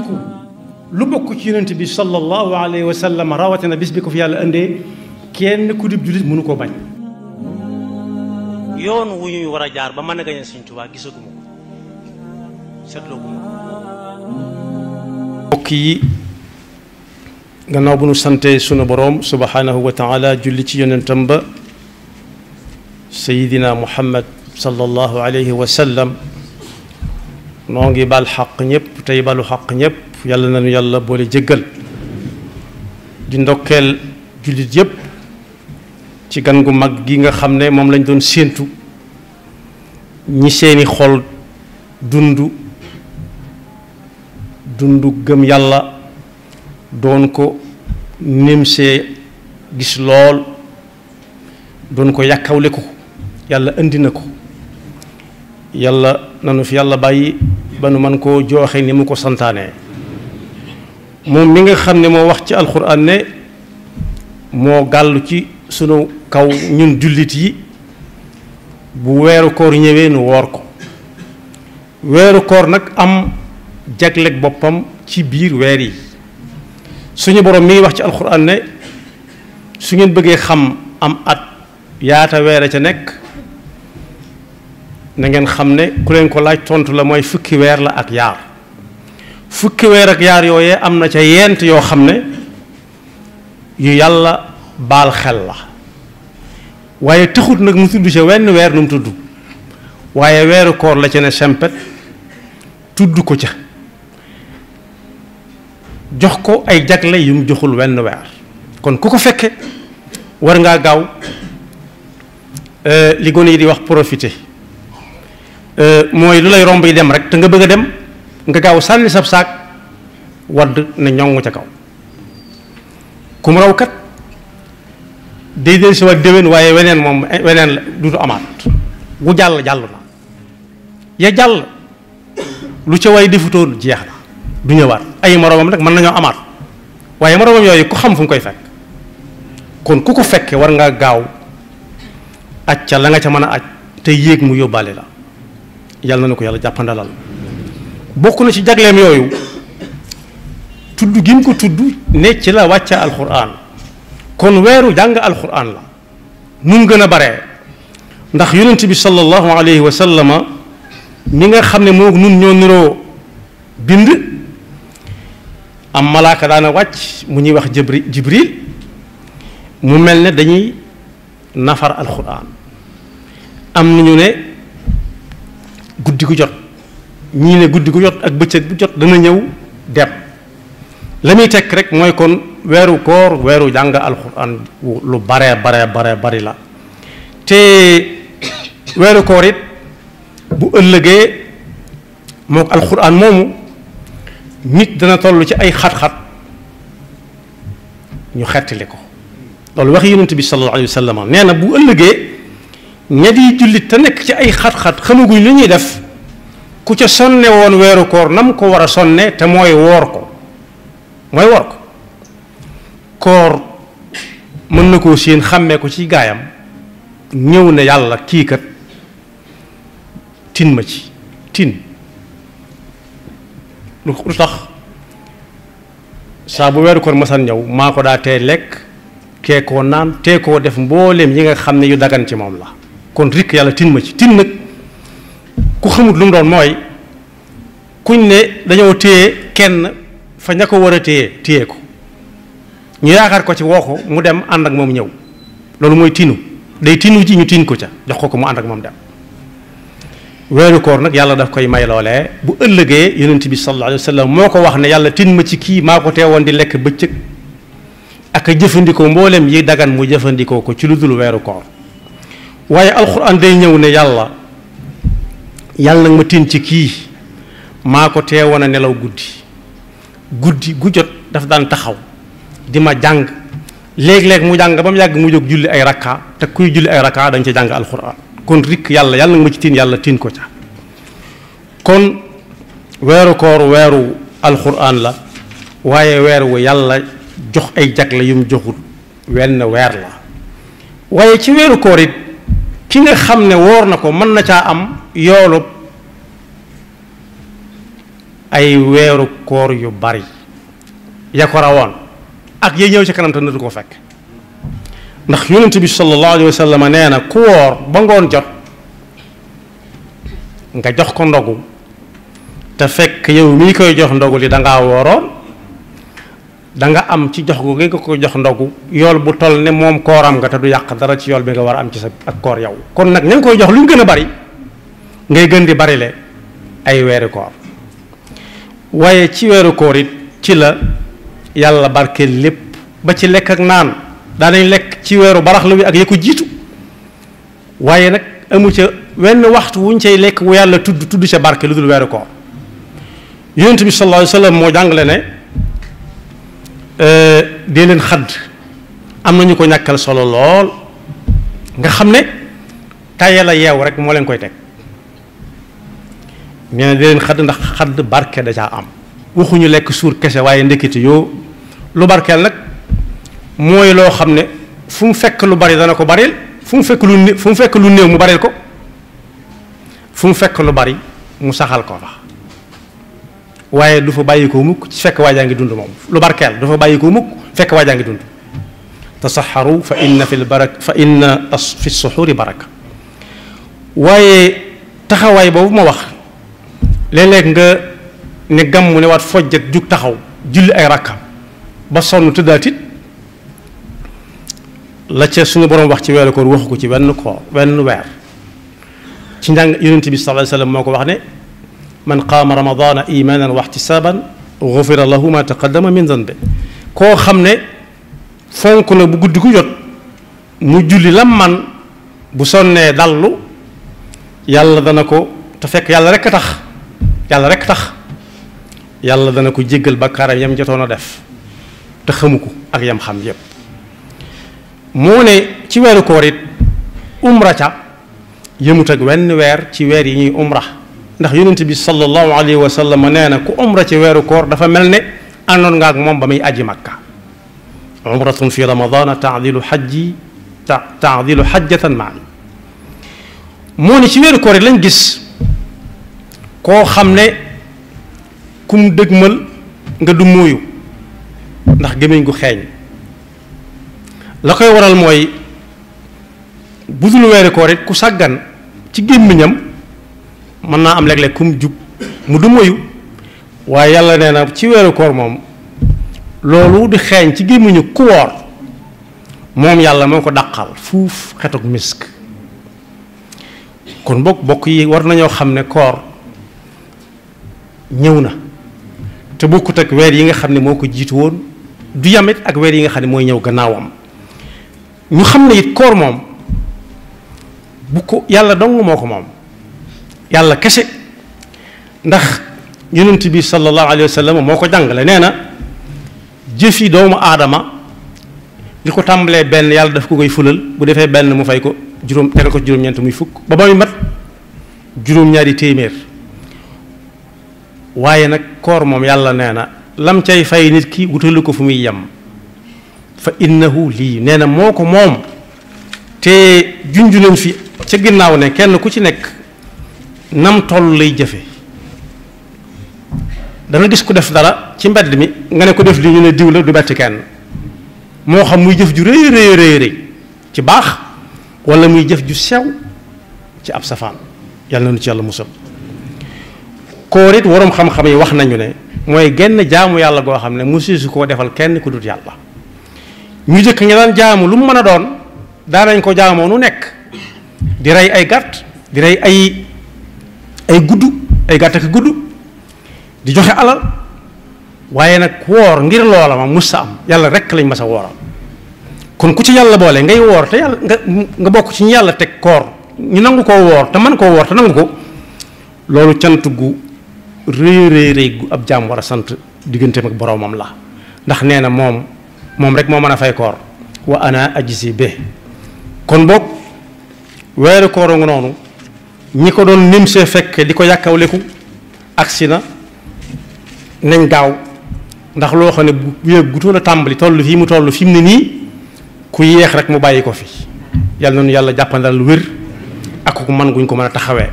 fàttaliku lu bokk ci yonent bi sallallahu alayhi wa sallam rawatina bis bi ko fi yàlla indee kenn ku dib jullit mënu koo bañ. yoon wu ñuy war a jaar ba mën a gañe Sëñ Tuubaa gisaguma ko seetlooguma ko. mbokk yi gannaaw bu nu sante sunu boroom subhaanahu wa taala julli ci yonentam ba Seydina Muhammad sallallahu alayhi wa sallam. noo ngi bal xaq ñëpp tey balu xaq ñëpp yàlla nañu yàlla boole jéggal di ndokkeel jullit yëpp ci gan gu mag gi nga xam ne moom lañ doon séentu ñi seeni xol dund dund gëm yàlla doon ko nimsee gis lool doon ko yàkkawle ko yàlla indi na ko yàlla nanu fi yàlla bàyyi ba nu mën koo jooxe ni mu ko santaane moom mi nga xam ne moo wax ci alxuraan ne moo gàllu ci sunu kaw ñun jullit yi bu weeru koor ñëwee nu woor ko weeru koor nag am jagleeg boppam ci biir weer yi suñu borom mi ngi wax ci alxuraan ne su ngeen bëggee xam am at yaata weer a ca nekk na ngeen xam ne ku leen ko laaj tontu la mooy fukki weer la ak yaar fukki weer ak yaar yooyee am na ca yent yoo xam ne yu yàlla baal xel la waaye taxut nag mu tudd ca wenn weer nu mu tudd waaye weeru koor la ca ne sempet tudd ko ca jox ko ay jagle yu mu joxul wenn weer kon ku ko fekke war ngaa gaaw euh, li gone yi di wax profité Euh, mooy lu lay romb yi dem rek te nga bëgg a dem nga gaaw sànni sab saak wadd ne ñoŋ ca kaw ku mu raw kat day si waat déwén waaye weneen moom eh, weneen du duutu amaat gu jàll jàll na ya jàll lu ca waay defutoon jeex na du ñëwaat ay moroomam rek mën nañoo amaat waaye moroomam yooyu ku xam fu mu koy fekk kon ku ko fekkee war nga gaaw aj ca la nga ca mën a aj te yéeg mu yóbbaale la yàlla na nu ko yàlla jàppandalal bokk na ci jagleem yooyu tudd gi mu ko tudd ne ci la wàcce alxuraan kon weeru jàng alxuraan la nu mu gën a bare ndax yonent bi sallallahu alayhi wa sallama mi nga xam ne moo nun ñoo niroo bind am malaaka daana wàcc mu ñuy wax jibri jibril mu mel ne dañuy nafar alxuraan am nañu ne guddi ku jot ñii ne guddi ku jot ak bëccëg bu jot dana ñëw dem la muy tekk rek mooy kon weeru koor weeru jàng alxuraan lu bare bare bare bari la te weeru koor it bu ëllëgee moo alxuraan moomu nit dana toll ci ay xat-xat ñu xettali ko loolu waxi yonent bi sallallahu alayhi wa nee na bu ëllëgee ña jullit te nekk ci ay xat-xat xamaguñ li ñuy def ku ca sonne woon weeru koor nam ko war a sonne te mooy woor ko mooy woor ko koor mën na koo séen xàmmee ko ci gaayam ñëw ne yàlla kii kat tin ma ci tin lu tax saa bu weeru koor masan ñëw maa ko daa tee lekk kee koo naan tee koo def mbooleem yi nga xam ne yu dagan ci moom la kon rikk yàlla tin ma ci tin nag ku xamut lu mu doon mooy kuñ ne dañoo téye kenn fa ña ko war a téye téye ko ñu yaakaar ko ci woo ko mu dem ànd ak moom ñëw loolu mooy tinu day tinu ci ñu tin ko ca jox ko ko mu ànd ak moom dem weeru koor nag yàlla daf koy may loolee bu ëllëgee yonent bi sallallahu alayhi moo ko wax ne yàlla tin ma ci kii maa ko woon di lekk bëccëg ak a jëfandikoo mboolem yi dagan mu jëfandikoo ko ci lu dul weeru koor waaye alxuraan day ñëw ne yàlla yàlla nag ma tiin ci kii maa ko teewoon a nelaw guddi guddi gu jot daf daan taxaw di ma jàng léeg-léeg mu jàng ba mu yàgg mu jóg julli ay rakka te kuy julli ay rakka dañ ci jàng alxuraan kon rikk yàlla yàlla nag ma ci tin yàlla tin ko ca kon weeru koor weeru alxuraan la waaye weer wu yàlla jox ay jagle yum joxul wenn weer la waaye ci weeru koor it ki nga xam ne wóor na ko mën na caa am yoolub ay weeru koor yu bari ya ko rawoon ak ya ñëw ci kanam te natu ko fekk ndax yonent bi sallallahu alayhi wa nee na ku woor ba ngoon jot nga jox ko ndogu te fekk yow mii koy jox ndogu li dangaa wooroon da nga am ci jox googu nga ko jox ndogu yool bu toll ne moom kooram nga te du yàq dara ci yool bi nga war a am ci sa ak koor yow kon nag ñu ngi koy jox lu ñu gën a bari ngay gën di bari le ay weeru koor waaye ci weeru koor it ci la yàlla barke lépp ba ci lekk ak naan daanañ lekk ci weeru baraxlu wi ak ya ko jiitu waaye nag amu ca wenn waxtu wuñ cay lekk wu yàlla tudd tudd ca barke lu dul weeru koor yonent bi sallallahu alayhi wa moo jàngale ne Euh, dee leen xadd am nañu ko ñàkkal solo lool nga xam ne taye la yeew rek moo leen koy teg nee na dee leen xadd ndax xadd barke da caa am waxuñu lekk suur kese waaye ndekete yoo lu barkeel nag mooy loo xam ne fu mu fekk lu bari dana ko baril fu mu fekk lu fu mu fekk lu néew mu baril ko fu mu fekk lu bari mu saxal ko fa waye du fa bayiko ko mukk ci fekk wajangi dund mom lu barkel du fa bayiko ko mukk fekk waajaa dund tasaxaru fa inna fil barak fa inna fi as-suhuri barak waye taxaway bobu ma wax leeg leg nga ne gam mu ne wat fojjet juk taxaw julli ay rakka ba sonu tudatit la ci suñu borom wax ci welo ko waxuko ci ben ko ben wer ci ndang yunus bi sallallahu alayhi wasallam moko wax ne من قام رمضان ايمانا واحتسابا غفر له ما تقدم من ذنبه كو خمنه فونك لا بو غودكو يوت مو جولي لام مان بو سوني دالو يالا دانكو تفك يالا رك تخ يالا رك تخ يالا دانكو جيغل بكار يام جاتونو ديف تا خمكو اك يام خام ييب مو ني تي ويرو كوريت عمره تا يموت اك وين وير تي وير يي عمره ndax yonent bi sallallahu alayhi wa sallam neena ku umra ci wéru koor dafa melne anon nga ak mom bamay aji makka umratun fi ramadan ta'dilu hajji ta'dilu xajjatan maani moo ne ci wéru koor yi lañ gis ko xamne kum dëgmal nga du moyu ndax gemeñ gu xéñ la koy waral moy budul wéru koor it ku sàggan ci gémmiñam mën naa am léeg-léeg ku mu jub mu du moyu waaye yàlla nee na ci weeru koor moom loolu di xeeñ ci gémmiñu ku woor moom yàlla moo ko dàqal fuuf xetuk misk kon bokk bokk yi war nañoo xam ne koor ñëw na te bokkut ak weer yi nga xam ne moo ko jiitu woon du yamit ak weer yi nga xam ne mooy ñëw gannaawam ñu xam ne it koor moom bu ko yàlla dong moo ko moom يلا كشي نخ يونس تبي صلى الله عليه وسلم موكو جانغلا نينا جيفي دوم ادم ليكو تامبلي بن يالا داف كوكاي فولل بو ديفاي بن مو فايكو جوروم تيركو جوروم نينت موي فوك با باوي مات جوروم نياري تيمير وايي نا كور موم يالا نينا لام تاي فاي نيت كي ووتالوكو فمي يام فانه لي نينا موكو موم تي جونجو نم في تا غيناو نه كين كوتي نيك nam toll lay jëfe danga gis ku def dara ci mbedd mi nga ne ko def li ñu ne diw du betti kenn moo xam muy jëf ju rëy rëy ci baax walla muy jëf ju sew ci ab safaan yàlla na nu ci yàlla musal koor waroom xam-xam yi wax nañu ne mooy genn jaamu yàlla goo xam ne mu su koo defal kenn ku dut yàlla ñu jëkk ña daan jaamu lu mu mën a doon daanañ ko jaamoo nu nekk di rey ay gàtt di rey ay ay guddu ay gàtt ak guddu di joxe alal waaye nag woor ngir loola ma mus am yàlla rek lañ mas a wooral kon ku ci yàlla boole ngay woor te yàlla nga nga bokk ci yàlla teg koor ñu nangu koo woor te man koo woor te nangu ko loolu cant gu rëy rëy rëy gu ab jaam war a sant digganteem ak boromam la ndax nee na moom moom rek moo mën a fay koor wa ana ajisi be kon boog weeru kooro nga noonu ñi ko doon nim see fekk di ko yàkkawleku agsi na nañ gaaw ndax loo xam ne bu yëg gutoon a tàmbali toll fii mu toll fi mu ne nii ku yéex rek mu bàyyi ko fi yàlla noonu yàlla jàppandal lu wér ak ku man guñ ko mën a taxawee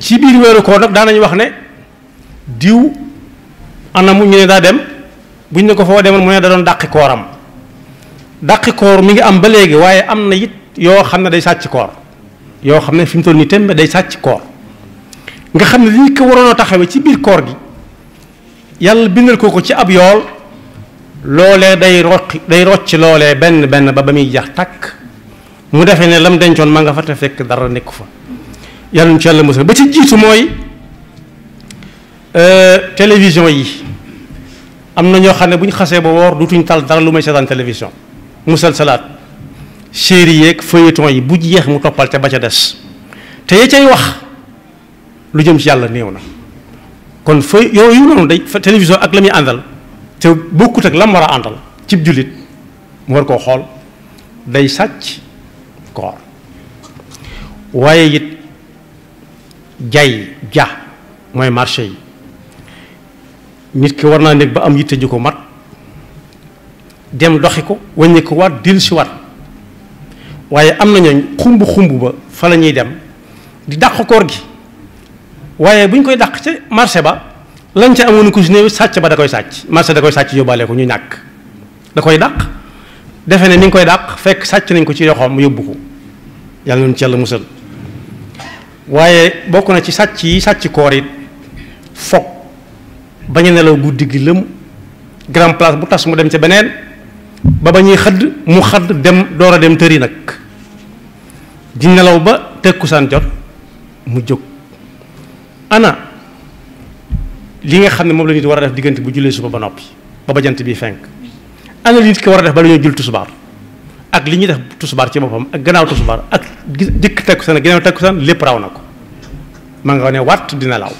ci biir weeru koor nag daanañu wax ne diw anamu ñu ne daa dem buñ ne ko foo demoon mu ne da doon dàqi kooram dàqi koor mi ngi am ba léegi waaye am na it yoo xam ne day sàcc koor yoo xam ne fi mu toll nii tembe day sàcc koor nga xam ne li ñu ko waroon a taxawee ci biir koor gi yàlla bindal ko ko ci ab yool loolee day roc day rocc loolee benn benn ba ba muy jax takk mu defee ne lam dencoon ma nga fa te fekk dara nekku fa yàlla ñu ci yàlla musal ba ci jiitu mooy euh, télévision yi am na ñoo xam ne bu ñu xasee ba woor dutuñ tal dara lu may seetaan télévision musal salaat série yeeg feuilleton yi bu jeex mu toppal ca ba ca des te ya cay wax lu jëm ci yàlla néew na kon fa yooyu noonu day télévision ak la muy àndal te bokkut ak lam war a àndal cib jullit mu war koo xool day sàcc koor waaye it jay ja mooy marché yi nit ki war naa nekk ba am yitte ji ko mat dem doxi ko wàññi ko waat dil si waat waaye am na ñooñ xumb xumb ba fa la ñuy dem di dàq koor gi waaye bu ñu koy dàq ca marché ba lañ ca amoon ku si néew sàcc ba da koy sàcc marché da koy sàcc yóbbaale ko ñu ñàkk da koy dàq defe ne ni ngi koy dàq fekk sàcc nañ ko ci yoxoom yóbbu ko yàlla nañu ci yàlla musal waaye bokk na ci sàcc yi sàcc koor it foog bañ a nelaw guddi gi lëm grand place bu tas mu dem ca beneen ba ba ñuy xadd mu xadd dem door a dem tëri nag di nelaw ba tekkusaan jot mu jóg ana li nga xam ne moom la nit war a def diggante bu jullee suba ba noppi ba ba jant bi fenk ana li nit ki war a def ba la ñoo jul tusubaar ak li ñuy def tusubaar ci boppam ak gannaaw tusubaar ak dikk tekkusaan ak gannaaw tekkusaan lépp raw na ko ma nga ne wàtt law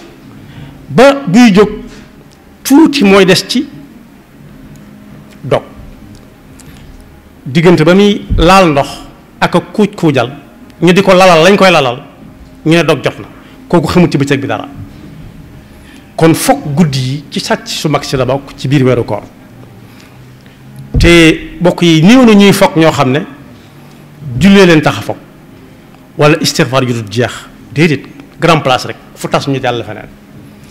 ba buy jóg tuuti mooy des ci dog diggante ba muy laal ndox ak a kuuj kuujal ñu di ko lalal lañ koy lalal ñu ne dog jot na kooku xamul ci bëccëg bi dara kon fokk guddi yi ci sàcc su mag si la bokk ci biir weeru koor te bokk yi néew na ñuy fokk ñoo xam ne jullee leen tax fokk wala istixfaar ju dul jeex déedéet grand place rek fu tas ñu jàll feneen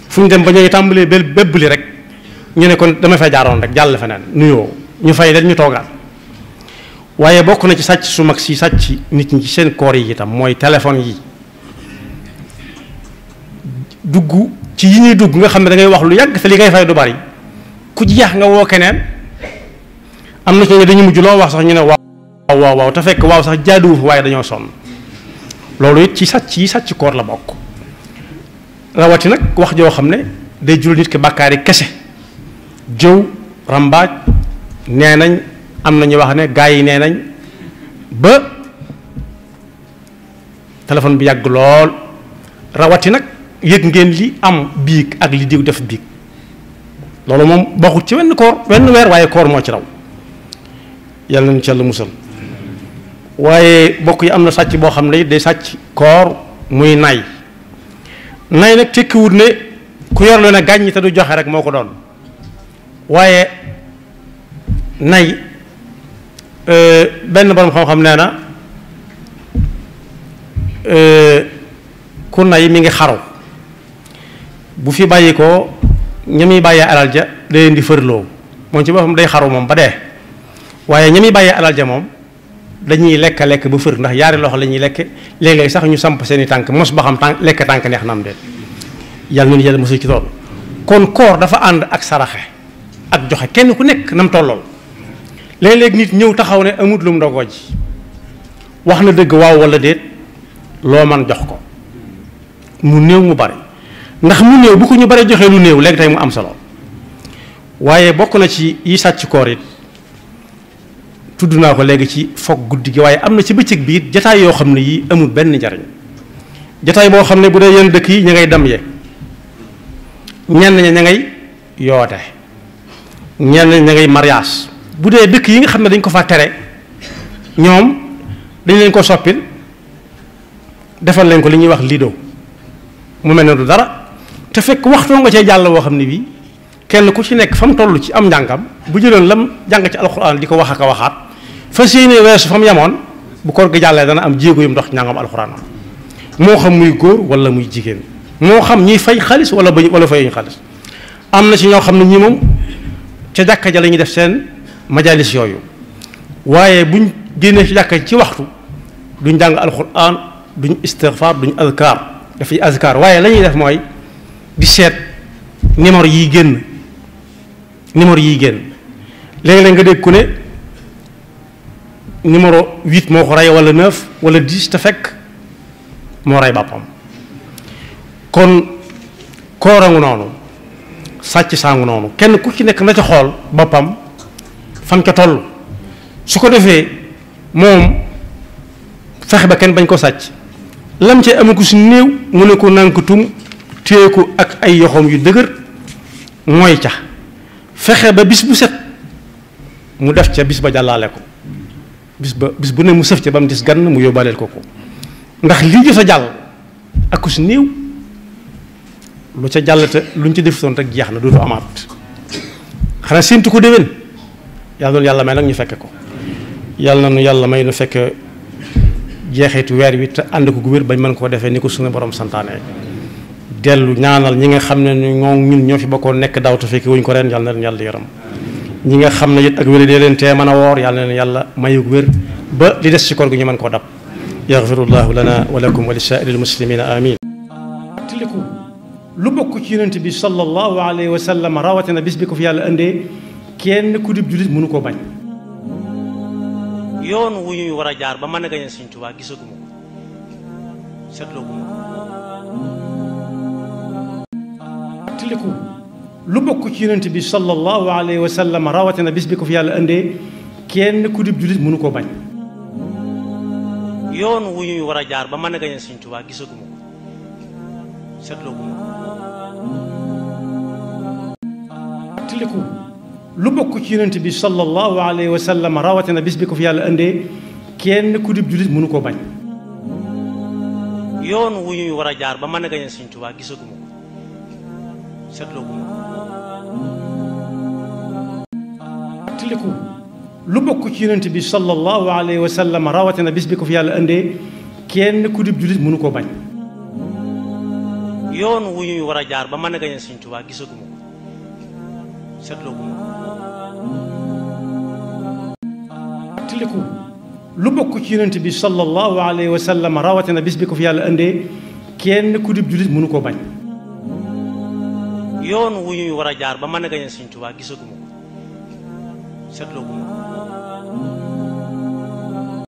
fu ñu dem ba ñooy tàmbalee bépp li rek ñu ne kon dama fay jaaroon rek jàll feneen nuyoo ñu fay leen ñu toogaat waye bokku na ci sàcc su mak si sàcc nit ñi ci seen koor yi tam mooy téléphone yi duggu ci yi ñuy dugg nga xam ne da ngay wax lu yàgg te li ngay fay du bari ku jeex nga woo keneen am na ci ne dañu mujj loo wax sax ñu ne waaw waaw waaw te fekk waaw sax jaadu waaye dañoo sonn loolu it ci sàcc yi sàcc koor la bokk rawati nag wax joo xam ne day jul nit ki bàkkaari kese jëw rambaaj nee am na ñu wax ne gars yi nee nañ ba téléphone bi yàgg lool rawati nag yëg ngeen li am biig ak li diw def biig loolu moom bokkut ci wenn koor wenn weer waaye koor moo ci raw yàlla nañu ci yàlla musal waaye bokk yi am na sàcc boo xam ne day sàcc koor muy nay nay nag tekkiwut ne ku yor lu ne gàññi te du joxe rek moo ko doon waaye nay Euh, benn borom xam-xam nee na euh, ku nay mi ngi xaru bu fi bàyyi ko ña muy bàyyee alal ja day leen di fërloo moom ci boppam day xaru moom ba dee waaye ña muy bàyyee alal ja moom dañuy lekk lekk ba fër ndax yaari loxo la ñuy lekk léeg-léeg sax ñu samp seeni tànk mos ba xam tànk lekk tànk neex na am de yàlla nañu yàlla mosul ci loolu kon koor dafa ànd ak saraxe ak joxe kenn ku nekk nam tollool léeg nit ñëw taxaw ne amut lu mu ndogoo ji wax na dëgg waaw walla déet loo man jox ko mu néew mu bare ndax mu néew bu ko ñu bare joxee lu néew lekk tey mu am solo waaye bokk na ci yi sàcc koor it tudd naa ko léegi ci foog guddi gi waaye am na ci bëccëg biir it jataay yoo xam ne yii amul benn njariñ jataay boo xam ne bu dee yenn dëkk yi ña ngay dam ye ñenn ña ña ngay yoote ñenn ña ngay mariage bu dee dëkk yi nga xam ne dañ ko fa tere ñoom dañ leen ko soppil defal leen ko li ñuy wax lido mu mel ne du dara te fekk waxtoo nga cee jàll woo xam ne bii kenn ku ci nekk fa mu toll ci am njàngam bu jëloon lam jàng ci alxuraan di ko wax ak a waxaat fas yéene weesu fa mu yemoon bu koor gi jàllee dana am jéego yu mu dox njàngam alxuraan moo xam muy góor wala muy jigéen moo xam ñuy fay xaalis wala bañ wala fayuñu xaalis am na ci ñoo xam ne ñi moom ca jàkka ja la def seen majalis yooyu waaye buñ génnee ci jàkka ci waxtu duñ jàng alquran duñ istighfar duñ azkar dafay azkar waaye la ñuy def mooy di seet numéro yi génn numéro yi génn léegi-léeg nga dégg ku ne numéro huit moo ko rey wala neuf wala dix te fekk moo rey bàppam kon koorangu noonu sàcc sangu noonu kenn ku ci nekk na ca xool boppam fan ca toll su ko defee moom fexe ba kenn bañ ko sàcc lam ca amagu si néew mu ne ko nànkatum téye ak ay yoxoom yu dëgër mooy ca fexe ba bis bu set mu def ca bis ba jàllaale ko bis ba bis bu ne mu sëf ca ba mu des gann mu yóbbaaleel ko ko ndax lii jot a jàll ak si néew lu ca jàll te lu ñu ci defutoon rek jeex na du amaat xanaa séentu ko déwén yàlla loolu yàlla may nag ñu fekke ko yàlla nu yàlla may nu fekke jeexitu weer wi te ànd ko gu wér bañ mën koo defee ni ko suñu borom santaane dellu ñaanal ñi nga xam ne ñoo ñun ñoo fi bokkoon nekk daaw te fekke wuñ ko ren yàlla na leen yàlla yaram ñi nga xam ne it ak wér dee leen tee mën a woor yàlla na leen yàlla mayu wér ba li des ci koor gi ñu mën koo dab yaxfirullahu lana wa lakum wa li saa'iril muslimina amin tiliku lu bokk ci yonent bi sallallahu alayhi wa kenn ku dib jullit mënu ko bañ. yoon wu ñuy war a jaar ba mën a gañe Sëñ Tuubaa gisaguma ko seetlooguma ko. fàttaliku lu bokk ci yonent bi sallallahu alayhi wa sallam bis bi fi yàlla indee kenn ku dib mënu ko bañ. yoon wu ñuy war a jaar ba mën a gañe Sëñ Tuubaa gisaguma ko lu bokku ci yonent bi sallallahu alayhi wa sallam rawatina bis bi ko fi yàlla ande kenn ku dib julit mënu koo bañ. yoon wu ñuy wara jaar ba man gañe seigne touba gisaguma ko setlo ko. atliku lu bokku ci yonent bi sallallahu alayhi wa sallam rawatina bis bi ko fi yàlla ande kenn ku dib julit mënu koo bañ. yoon wu ñuy wara jaar ba man gañe seigne touba gisaguma ko setlo ko. fàttaliku lu bokk ci yonent bi sallallahu alayhi wa sallam na bis bi ko fi yàlla indee kenn ku dib jullit mënu koo bañ. yoon wu ñuy war a jaar ba mën a gañe Sëñ Tuubaa gisaguma ko seetloo guma